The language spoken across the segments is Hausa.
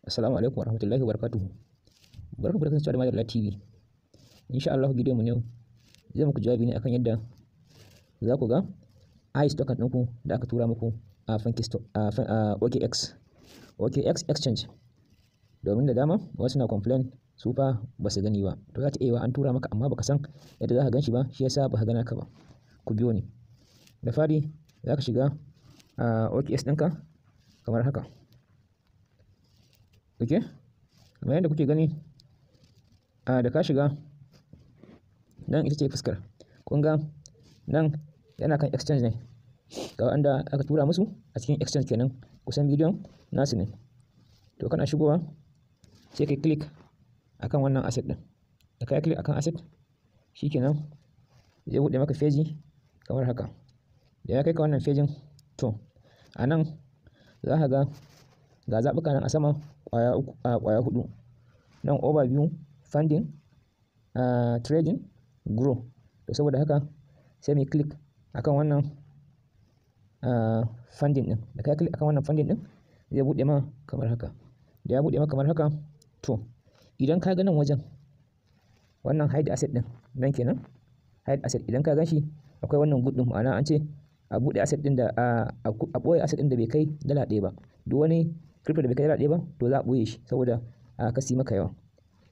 Assalamu alaikum warahmatullahi wabarakatuh. Barka da kasancewa da Madalla TV. Insha Allah bidiyon mu ne zai muku jawabi ne akan yadda za ku ga i token ɗinku da aka tura muku a Funkisto a OKX OKX exchange. Domin da dama wasu na complain su fa ba su gani ba. To za ta iya an tura maka amma baka san yadda za ka gan shi ba shi yasa ba ka gana ka ba. Ku biyo ni. Da fari za ka shiga a OKX ɗinka kamar haka. ok kamar yadda kuke gani a da ka shiga nan ita ce fuskar kunga nan yana kan exchange ne ga wanda aka tura musu a cikin exchange kenan kusan bidiyon nasu ne to kana shigowa sai kai click akan wannan asset din da kai click akan asset kenan zai buɗe maka feji kamar haka da ya kai ka wannan fejin to a nan za ka ga ga zaɓuka nan a sama ƙwaya hudu nan overview funding trading grow to saboda haka sai mai click akan wannan funding din da kai click akan wannan funding din zai bude ma kamar haka da ya buɗe ma kamar haka to idan ka ga nan wajen wannan hide asset din nan kenan hide asset idan ka ganshi akwai wannan good din ma'ana an ce a bude asset din da a ɓoye asset din da bai kai dala ɗaya ba duk wani crypto da bai kai naira ɗaya ba to za a ɓoye shi saboda a kasi maka yawa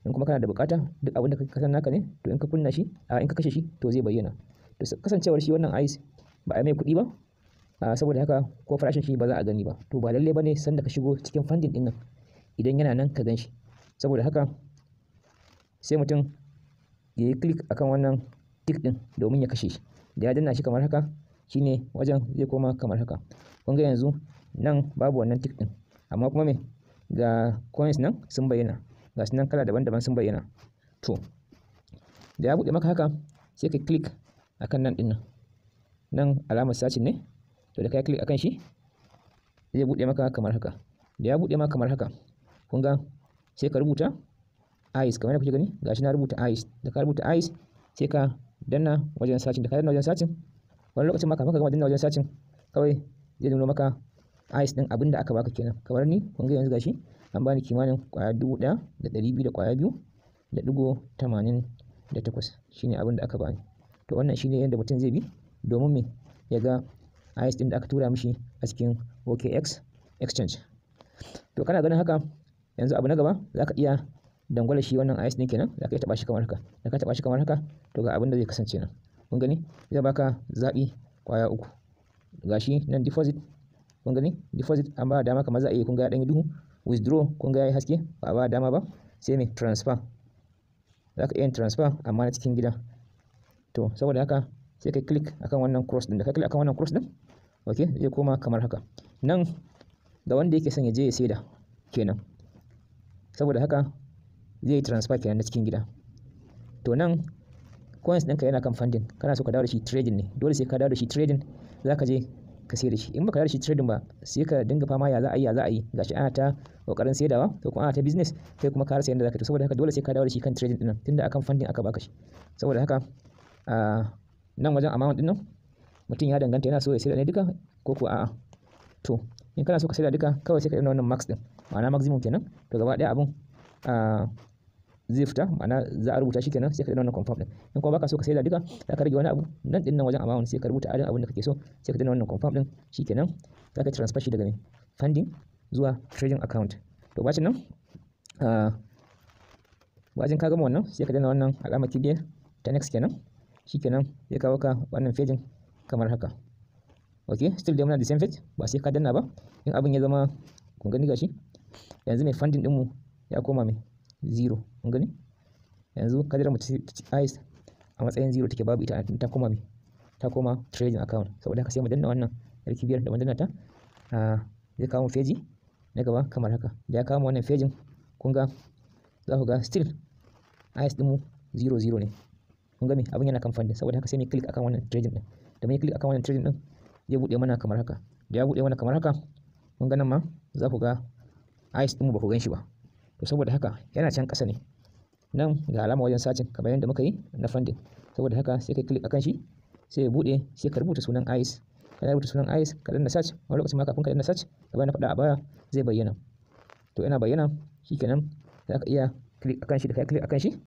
in kuma kana da bukata duk abinda ka san naka ne to in ka kunna shi a in ka kashe shi to zai bayyana to kasancewar shi wannan ice ba a mai kuɗi ba saboda haka ko farashin shi ba za a gani ba to ba lalle ne sanda ka shigo cikin fandin din nan idan yana nan ka gan shi saboda haka sai mutum ya yi click akan wannan tik din domin ya kashe shi da ya danna shi kamar haka shi ne wajen zai koma kamar haka kun ga yanzu nan babu wannan tik din amma kuma me ga coins nan sun bayyana ga su nan kala daban-daban sun bayyana to da ya buɗe maka haka sai ka click akan nan ɗin nan nan alamar sacin ne to da ka click akan shi zai buɗe maka kamar haka da ya buɗe maka kamar haka kun ga sai ka rubuta ice kamar yadda kuke gani gashi na rubuta ice da ka rubuta ice sai ka danna wajen sacin da ka danna wajen sacin wani lokacin maka maka ka gama danna wajen sacin kawai zai nuna maka ice din abin da aka baka kenan kamar ni kun ga yanzu gashi an bani kimanin kwaya dubu ɗaya da ɗari biyu da kwaya biyu da ɗigo tamanin da takwas shine abin da aka bani to wannan shine yadda mutum zai bi domin me ya ga ice din da aka tura mishi a cikin OKX exchange to kana ganin haka yanzu abu na gaba za ka iya dangwala shi wannan ice din kenan za ka iya taɓa shi kamar haka da ka taɓa shi kamar haka to ga abin da zai kasance nan kun gani zai baka zaɓi kwaya uku gashi nan deposit kun gani deposit an ba dama kamar za a iya kun ga ya dan yi duhu withdraw kun ga ya yi haske ba a ba dama ba sai mai transfer za ka iya yin transfer amma na cikin gida to saboda haka sai ka click akan wannan cross din da ka click akan wannan cross din okay zai koma kamar haka nan ga wanda yake son ya je ya saida kenan saboda haka zai yi transfer kenan na cikin gida to nan coins ɗinka yana kan funding kana so ka dawo da shi trading ne dole sai ka dawo da shi trading za ka je ka sayar da shi in baka da shi trading ba sai ka dinga fama ya za a yi ya za a yi gashi ana ta kokarin sayarwa ko kuma ana ta business kai kuma ka rasa yanda zaka to saboda haka dole sai ka dawo da shi kan trading din tunda akan funding aka baka shi saboda haka nan wajen amount din nan mutum ya danganta yana so ya sayar ne duka ko ko a'a to in kana so ka sayar duka kawai sai ka yi wannan max din ma'ana maximum kenan to gaba daya abun zai fita ma'ana za a rubuta shi kenan sai ka dana wannan confirm din in kuma baka so ka da duka za ka rage wani abu nan din nan wajen amount sai ka rubuta adadin abin da kake so sai ka dana wannan confirm din shikenan za ka transfer shi daga ne funding zuwa trading account to bacin nan wajen ah, ka gama wannan sai ka dana wannan alamar kibiyar ta next kenan shikenan zai kawo ka wannan fejin kamar haka ok still dai muna da same page ba sai ka danna ba in abin ya zama kun gani gashi yanzu mai funding din mu ya koma mai zero kun gani yanzu kajira jira mace ice a matsayin zero take babu ita ta koma mai ta koma trading account saboda haka sai mu danna wannan yarki biyar da mun danna ta zai kawo mu feji na gaba kamar haka da ya kawo wannan fejin kun ga za ku ga still ice din mu zero zero ne kun ga me abin yana kan funding saboda haka sai mu click akan wannan trading din da mu click akan wannan trading din zai bude mana kamar haka da ya bude mana kamar haka kun ga nan ma za ku ga ice din mu ba ku gan shi ba to saboda haka yana can ƙasa ne nan ga alama wajen sacin kamar yadda muka yi na fandin saboda haka sai kai klik akan shi sai ya bude sai ka rubuta sunan ICE ka rubuta sunan ICE ka danna search wani lokacin ma kafin ka danna search kamar na faɗa a baya zai bayyana to yana bayyana shikenan za ka iya klik akan shi da kai klik akan shi